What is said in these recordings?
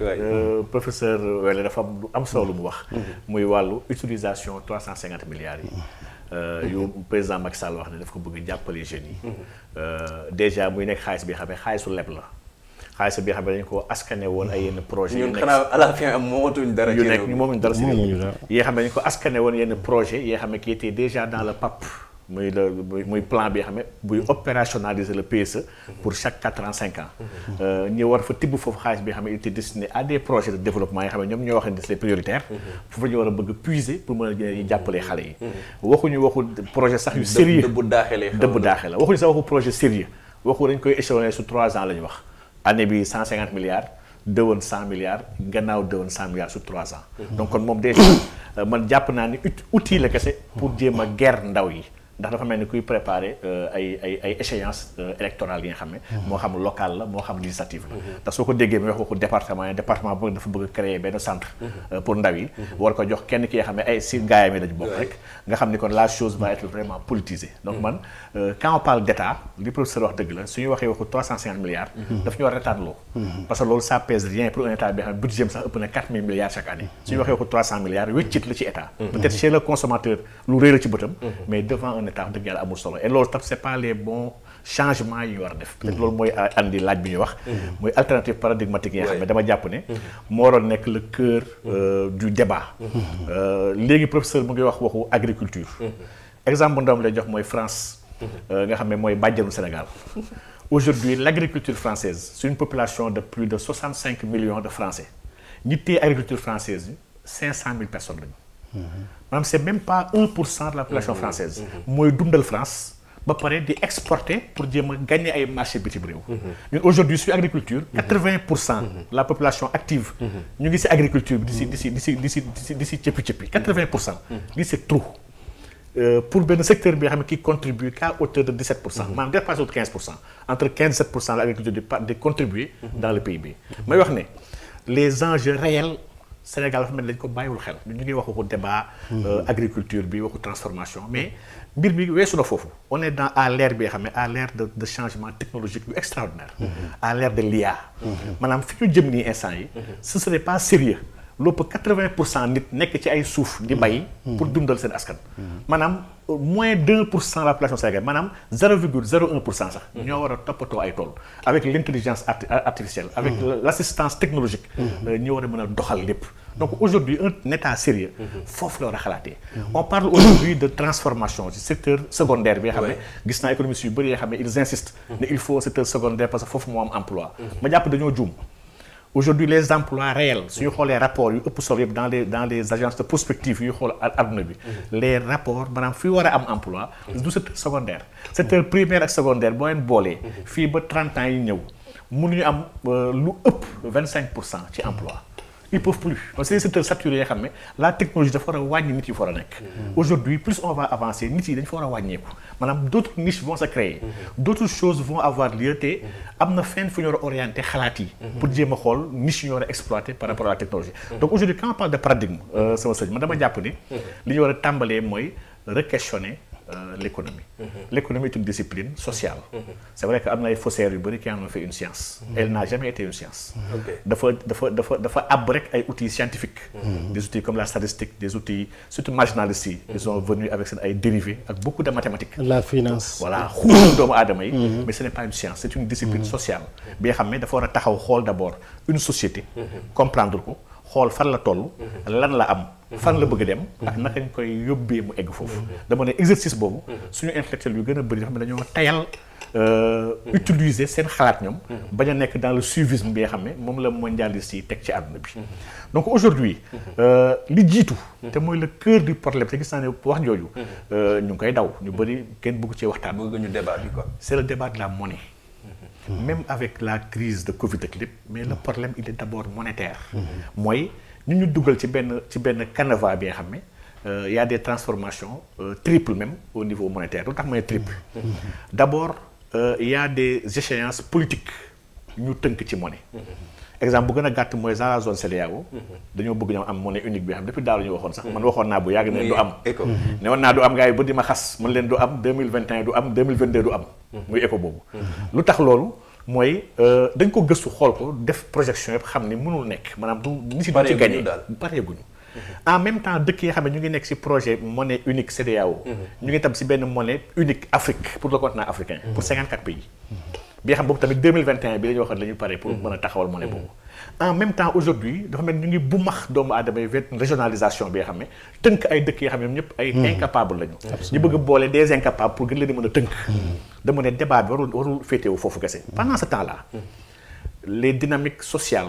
Euh, professeur Wele dafa am lu solo lu mu wax. Mhm. muy wàllu utilisation trois cent cinquante milliards yi. Mhm. Euh, yu mhm. président Macky Sall wax ne daf ko bëgg jàppale jeunes yi. Euh, déjà muy nekk xaalis bi xam ne xaalisu leb la. xaalis bi xam ne dañu ko askane woon ay yenn projet yu nekk ñun xanaa dara. yu nekk ñu dara si. moomuñ dara yoo xam ne dañu ko askane woon yenn projet yoo xam ne qui était déjà dans le PAP. muy le muy plan bi nga xam ne buy mm-hmm. opérationnaliser le PSE pour chaque quatre ans cinq ans euh, ñu war fa tibb foofu xaalis bi nga xam ne il était destiné à des projets de développement yi nga ñoom ñoo wax ne c'est prioritaire mm-hmm. foofu ñu war a bëgg puiser pour mën a jàppale xale yi mm-hmm. waxuñu waxu projet sax yu sérieux dëbb daaxee la waxuñu sax waxu projet sérieux waxu dañ koy échelonné sur trois ans la ñu wax année bi cent cinquante milliards dëwoon cent milliards gannaaw dëwoon cent milliards sur trois ans donc kon moom euh, man jàpp naa ni outil la kese pour jéem a ger ndaw yi ndax dafa mel ni kuy préparer euh, ay ay ay euh, yi nga xam ne. Mhm. moo xam local la moo xam législative la. Mhm. ndax soo ko déggee mi wax ko département yi département nga xam ni kon la chose va être vraiment politisée. donc mhm. man euh, quand parle d' li professeur wax dëgg la su ñu waxee waxu 350 milliards. daf ñu war a retarder parce que loolu ça pèse rien pour un état bi xam ne budget sax ëpp na milliards chaque année. su ñu waxee état wax dëgg yàlla amul solo et loolu tam c'est pas les bons yi ñu war a def peut loolu mooy andi laaj bi ñuy wax mooy alternative paradigmatique yi nga xam ne dama jàpp ne moo waroon nekk le cœur euh, du débat euh, léegi professeur mu ngi wax waxu agriculture exemple bu ndam lay jox mooy France euh, nga xam ne mooy bàjjanu Sénégal aujourd'hui l'agriculture française c'est une population de plus de 65 millions de Français ñi téye agriculture française bi 500 000 personnes lañu maanaam c' est pas pour cent de la population mhm. française mhm. mooy dundal France ba pare di exporter pour jéem a gagner ay marché bitim réew. Mhm. ñun aujourd'hui suñu agriculture. la population active. ñu ngi si agriculture di si di si di si di si cëppi cëppi 80 pour cent. Euh, pour benn secteur bi nga xam ne qui contribue qu'à hauteur de 17 pour pour cent entre 15 7 pour cent la di contribuer. dans le PIB. may wax ne les enjeux réels. Sénégal dafa mel ni dañ ko bàyyiwul xel ñu ngi waxu débat. Mhm. Euh, agriculture bi waxu transformation mais mbir bi weesu na foofu on est dans à l'ère bi nga xam ne à l'ère de de changement technologique yu extraordinaire. Mhm. à l'ère de l'IA. Mhm. maanaam fi ñu jëm nii instant yi. ce serait pas sérieux lépp 80 pour cent nit nekk ci ay suuf di bay. Hmm. pour dundal seen askan. Hmm. maanaam euh, moins 2 pour cent la population sénégalaise maanaam 0,01 sax. Hmm. ñoo war a toppatoo ay tool. avec l' intelligence artificielle. avec l' assistance technologique. Euh, ñoo war a mën a doxal lépp. donc aujourd'hui un sérieux foofu la war a xalaatee. on parle aujourd'hui de transformation ci secteur secondaire bi xam ne gis naa économistes yu bëri yoo xam ne il secteur secondaire parce que foofu moo am aujourd'hui les emplois réels su ñu mm. xoolee rapport yu ëpp solo yëpp dans les dans les agences de prospective yu xool adduna bi mm-hmm. les rapports maanaam fii war a am emploi mm-hmm. du secteur secondaire secteur primaire ak secondaire boo leen boolee mm-hmm. fii ba 30 ans yi ñëw ñu am euh, lu ëpp 25 pour cent ci emplois ils peuvent plus parce que les secteurs saturés xam ne la technologie dafa war a wàññi nit yi fa war a nekk. Mm-hmm. aujourd'hui plus on va avancer nit yi dañ fa war a wàññeeku maanaam d'autres niches vont se créer. Mm-hmm. d'autres choses vont avoir lieu mm-hmm. am na fenn fu ñu war a orienter xalaat yi. pour jéem a xool niche ñu war a exploiter par rapport à la technologie. donc aujourd'hui quand on de paradigme euh, sama sëñ man dama jàpp ni. li ñu war a tàmbalee mooy re-questionner. Euh, l'économie mm-hmm. Mm-hmm. l'économie est une discipline sociale mm-hmm. c'est vrai que am na ay faussaires yu bëri qui en ont une science elle n'a jamais été une science dafa dafa dafa dafa ab rek ay outils scientifiques des outils comme la statistique des outils surtout marginalistes yi ils avec seen ay dérivés ak beaucoup de mathématiques la xuur doomu aadama yi mais ce n'est pas une science c'est une discipline sociale bi nga dafa war a taxaw xool d'abord une société comprendre ko xool fan la toll. Mhm. lan la am. Mhm. fan la bëgg dem. ak naka ñu koy yóbbee mu egg mhm. foofu. dama ne exercice boobu. suñu intellectuel yu gën a bëri yoo xam ne dañoo tayal. Euh, utiliser seen xalaat ñoom. bañ a nekk dans le suivisme bi nga xam ne moom la mondialiste si teg ci àdduna bi. donc aujourd'hui euh, li jiitu. te mooy la cœur du problème te gis naa ne wax jooju. Euh, ñu ngi koy daw ñu bari kenn bëgg cee waxtaan. bëgg ñu débat bi quoi. c'est le débat de Hmm. même avec la crise de Covid ak lépp mais le hmm. problème il est d'abord monétaire hmm. mooy ñu ñu dugal ci benn ci benn canevas bi nga xam ne euh, y a des transformations euh, triples même au niveau monétaire lu tax ma ne triple d'abord euh, y a des échéances politiques ñu tënk ci monnaie exemple bu gën a gàtt mooy genre zone CEDEAO mhm. dañoo bëgg ñoom am monnaie unique bi xam depuis daaw ñu waxoon sax mhm. man waxoon naa bu yàgg ne du am mhm. ne woon naa du am gars yi ba di ma xas man leen du am 2021 du am 2022 du am muy éco boobu lu tax loolu mooy euh, dañ ko gëstu xool ko def projection yëpp xam ni mënul nekk maanaam du ni si du ci gagné pareeguñu en même temps dëkk yi xam ne ñu ngi nekk si projet monnaie unique CEDEAO ñu ngi tam si benn monnaie unique Afrique pour le continent bi nga xam boobu tamit 2021 bi la ñu waxoon la ñu pare pour mën a taxawal monnaie mhm. boobu en même temps aujourd'hui dafa mel ñu ngi bu doomu aadama yi wet régionalisation bi nga xam ne tënk ay dëkk yi xam ne ñëpp ay mhm. incapable lañu ñu bëgg boolee des incapables pour gën leen di mën a tënk mhm. dama ne débat bi warul warul féetewu foofu kese pendant ce temps là les dynamiques social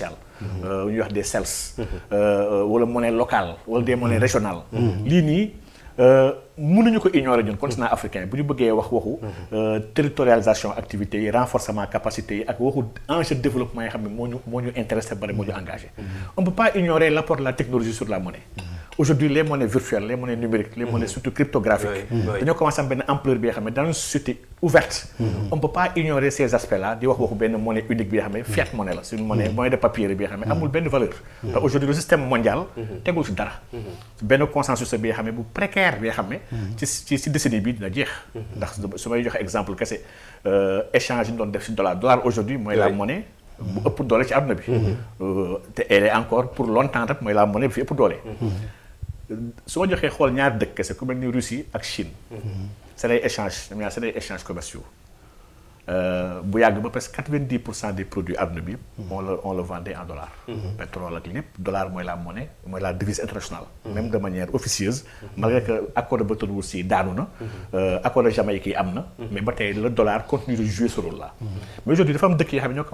sociales. Euh, ñuy wax des CELS. Euh, euh, wala monnaie locale wala des monnaies régionales. Mm-hmm. lii nii. mënuñu ko ignorer ñun continent africain bu ñu bëggee wax waxu euh, territorialisation activité renforcement capacité ak waxu enjeu développement yi xam ne moo ñu moo bari moo ñu engagé mm-hmm. on pas ignorer la technologie sur la monnaie mm-hmm. aujourd'hui les monnaies virtuelles les monnaies numériques les monnaies mm-hmm. surtout cryptographiques dañoo commencé am benn ampleur bi xam ne dans une société ouverte on pas ignorer ces aspects là di wax waxu benn monnaie unique bi xam ne mm-hmm. ci ci si décennie bi dina jeex mm-hmm. ndax su may joxe exemple kese euh, échange yi doon def si dollar dollar aujourd'hui mooy la monnaie bu mm-hmm. ëpp doole ci àdduna bi euh, te elle est encore pour longtemps rek mooy la monnaie bi fi ëpp doole su ma joxee xool ñaar dëkk kese ku mel ni Russie ak Chine seen ay échange ñaar seen ay échange commerciaux Euh, bu yàgg ba presque quatre produits adduna bi on le on le vendait en dollars. Mhm. pétrole ak lépp dollar mooy la monnaie mooy la devise internationale. Mhm. même de manière officieuse. malgré que accord de Bretton Woods daanu na. Mhm. Euh, accord de yi am na. mais ba tey le dollar continue de jouer ce rôle mais aujourd'hui dafa am dëkk yoo xam ñoo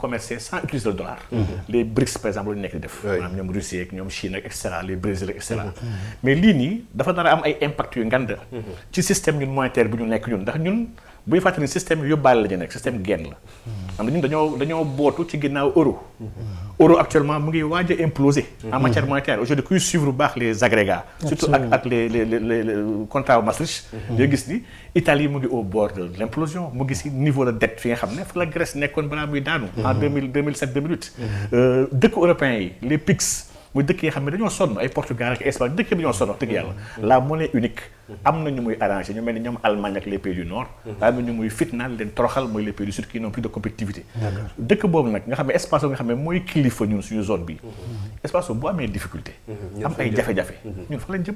commercer sans utiliser le dollar. les BRICS par exemple lu nekk di def. ñoom Russie ak ñoom Chine ak et cetera Brésil et cetera. am ay impact yu ngand mhm. ci système ñun monétaire bu ñu nekk ñun ndax ñun buy fàttali système yóbbaale la nekk système genn la mhm. am na ñun dañoo bootu ci ginnaaw euro mhm. euro actuellement mu ngi waaj a imploser en matière monétaire aujourd'hui kuy suivre bu baax les agrégats surtout ak ak les les yooyu gis ni Italie mu ngi au bord de mu gis niveau de dette fi nga xam ne fa la Grèce nekkoon balaa muy daanu en euh, dëkk européens yi les PIGS muy dëkk yi xam ne dañoo sonn ay Portugal ak Espagne dëkk yi dañoo sonn wax dëgg yàlla la monnaie unique am na ñu muy arrangé ñu mel ni ñoom Allemagne ak les pays du nord mhm. am na ñu muy fitnaal leen toroxal mooy les pays du sud qui n'ont plus de compétitivité dëkk boobu nag nga xam ne nga xam mooy kilifa ñun suñu zone bi mhm. espace boobu bu amee difficulté mhm. am ay jafe-jafe ñun fa lañ jëm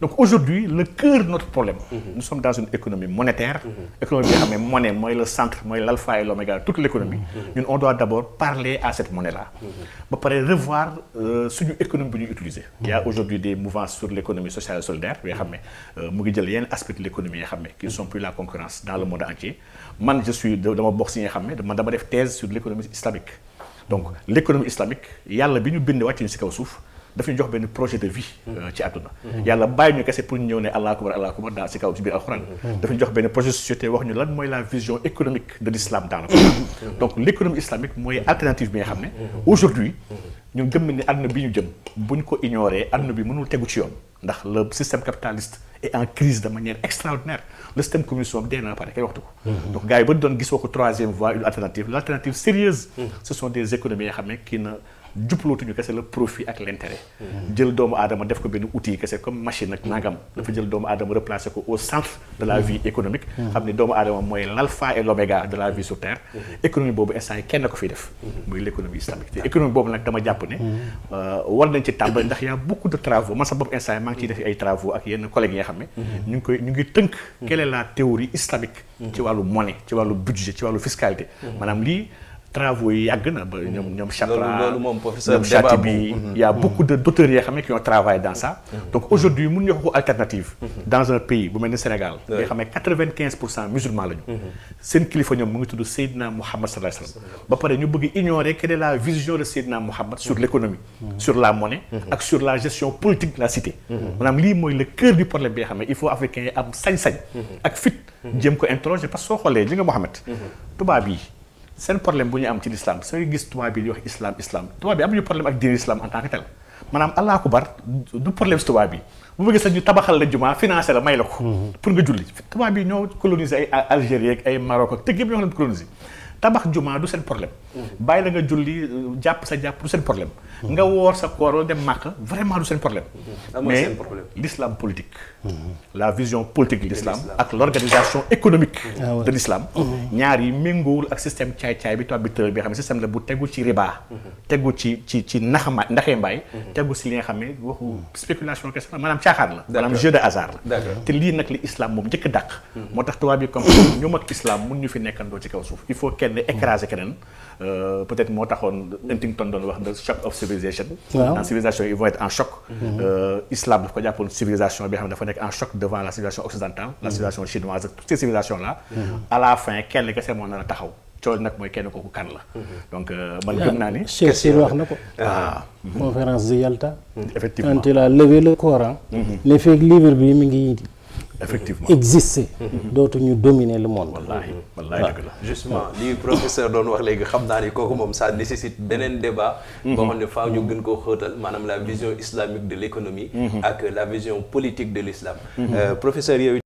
donc aujourd'hui le cœur de notre problème nous sommes dans une économie monétaire économie bi nga xam ne mooy le centre mooy l'alpha et l'oméga toute l'économie ñun on doit d'abord parler à cette monnaie là ba pare revoir euh, suñu économie bi ñuy utiliser il y xam ne Euh, mu ngi jël yenn aspect de l'économie yi nga xam ne qui sont plus la concurrence dans le monde entier man je suis dama bokk si nga xam ne man dama def thèse sur l'économie islamique donc l'économie islamique yàlla bi ñu bind wàcc ñu si kaw suuf daf ñu jox benn projet de vie mmh. euh, ci àdduna mmh. yàlla bàyyi ñu kese pour ñu ñëw ne allah akbar allah akbar daal si kaw si biir alxuraan mmh. daf ñu jox benn projet de société wax ñu lan mooy la vision économique de l'islam dans donc l'économie islamique mooy alternative bi ñu jëm bu ñu ko ignoré àdduna bi mënul tegu ci yoon ndax le système capitaliste est en crise de manière extraordinaire le système communiste moom dee na pare kay waxtu ko jublootuñu kese la profit ak l'intérêt jël doomu aadama def ko benn outil kese comme machine ak nangam dafa jël doomu aadama replacer ko au centre de la vie économique xam ne doomu aadama mooy l'alpha et l'oméga de la vie sur terre économie boobu instant yi kenn ko fiy def muy l'économie islamique te économie boobu nag dama jàpp ne euh, war nañ ci tàmbali ndax y'a beaucoup travaux man sa bopp instant yi maa ngi ciy def ay travaux ak yenn collègues yi xam ne ñu ngi koy ñu ngi tënk quelle est la théorie islamique ci wàllu monnaie ci wàllu budget ci wàllu fiscalité maanaam lii travaux yi yàgg na ba ñoom ñoom Chapra bi y a beaucoup de d'auteurs yoo xam ne qui ont travaillé mm-hmm. donc aujourd'hui mun ñu ko alternative mm-hmm. dans un pays bu mel ni Sénégal mm-hmm. mu ngi tudd Seydina Mouhammad sallallahu sur la monnaie ak sur la gestion politique de la cité maanaam lii mooy le cœur du problème bi nga il faut africains yi am sañ-sañ ak fit jéem ko interroger parce que li nga Mouhammad tubaab yi seen problème bu ñu am ci l'islam sooy gis tubaab bi di wax islam islam tubaab bi amuñu problème ak diine islam en tant que tel maanaam allah kubar du problème si tubaab bi bu bëggee sax ñu tabaxal la jumaa financé la may la ko. Mhm. pour nga julli tubaab bi ñoo colonisé ay Algérie ak ay Maroc ak tëgg yëpp ñoo xam ne colonisé. tabax jumaa du seen problème. bàyyi la nga julli jàpp sa jàpp du seen problème. nga woor sa koor wala dem màq vraiment du seen problème. mais l'islam politique. la vision politique de l'islam ak l'organisation économique. Ah de l'islam mm-hmm. ñaar yi méngoowul ak système caay-caay bi tubaab bi tëral bi xam ne système la bu tegu ci riba. Mm-hmm. tegu ci ci ci naxama ndaxee mbaay. Mm-hmm. tegu si li nga xam ne waxu spéculation kese li islam moom njëkk a dàq. moo tax tubaab yi comme ñoom ak islam mun ñu fi nekkandoo ci kaw suuf kenn écrasé keneen euh, peut-être moo taxoon Huntington doon wax de choc of civilisation. waaw civilisation ils vont être en choc. Mhm. Euh, islam dafa ko jàppoon civilisation bi xam ne dafa nekk en choc devant la civilisation occidentale. la mhm. civilisation chinoise toutes ces civilisations là. Mhm. à la fin kenn kese moo nar a taxaw. cool nag mooy kenn kooku kan la. donc euh, man gëm naa ni. Ah, Cheikh Sir wax na ko. Ah. conférence de Yalta. effectivement quand a le Coran. ne fekk livre bi mi ngi. effectivement dootu dootuñu dominer le monde. wallaahi mmh. wallaahi dëgg la justement mmh. li professeur doon wax léegi xam naa ni kooku moom ça nécessite beneen débat. Mmh. boo xam ne faaw ñu gën koo xootal maanaam la vision islamique de l' économie. ak la vision politique de l' islam. yooyu